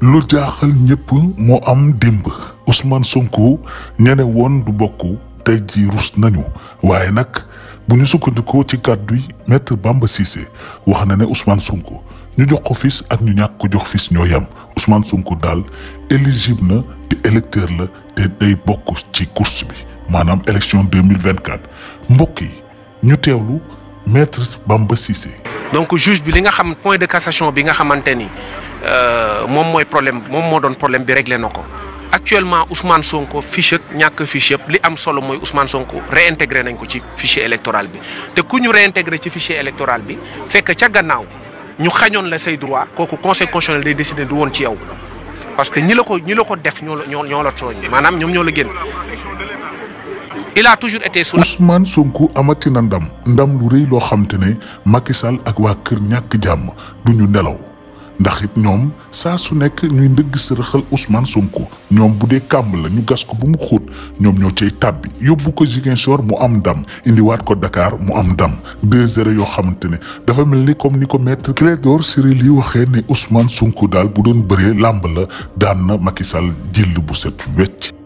lu jaaxal ñëpp moo am démb Ousmane Sonko ñene woon du bokk tey ji rus nañu waaye nag bu ñu sukkandikoo ci kàddu yi maître Bamba Cissé wax na ne Ousmane Sonko ñu jox ko fis ak ñu ñàkk ko jox fis ñoo yem Ousmane Sonko daal éligible na te électeur la te day bokk ci course bi maanaam élection 2024 mbokk yi ñu teewlu maître Bamba Cissé. donc juge bi li nga xam point de cassation bi nga xamante ni. Euh, mom moy problème mom mo don problème bi régler nako actuellement Ousmane Sonko fiche ak ñàkk fiche yëpp li am solo moy Ousmane Sonko réintégrer nañ ko ci fichier électoral bi té ku ñu ci fichier électoral bi fekk ca gannaaw ñu xañoon la say droit kooku conseil constitutionnel day décider du won ci yow parce que ñi la ko ñi la ko def ñoo la ñoo la tooñ manam ñom ñoo la gën il a toujours été sous Ousmane Sonko amati nandam ndam lu reuy lo xam te Macky Sall ak wa kër ñak jàmm duñu nelaw. ndax it ñoom saa su nekk ñuy ndëgg sërëxal Ousmane Sonko ñoom bu dee kàmb la ñu gas ko bu mu xóot ñoom ñoo cay tàbbi yóbbu ko jigéen Ziguinchor mu am ndam indiwaat ko Dakar mu am ndam deux yoo xamante ne dafa mel ni comme ni ko maître Clédor Ciré Ly waxee ne Ousmane sunku daal bu doon bëree làmb la daan na Macky Sall jël bu set wecc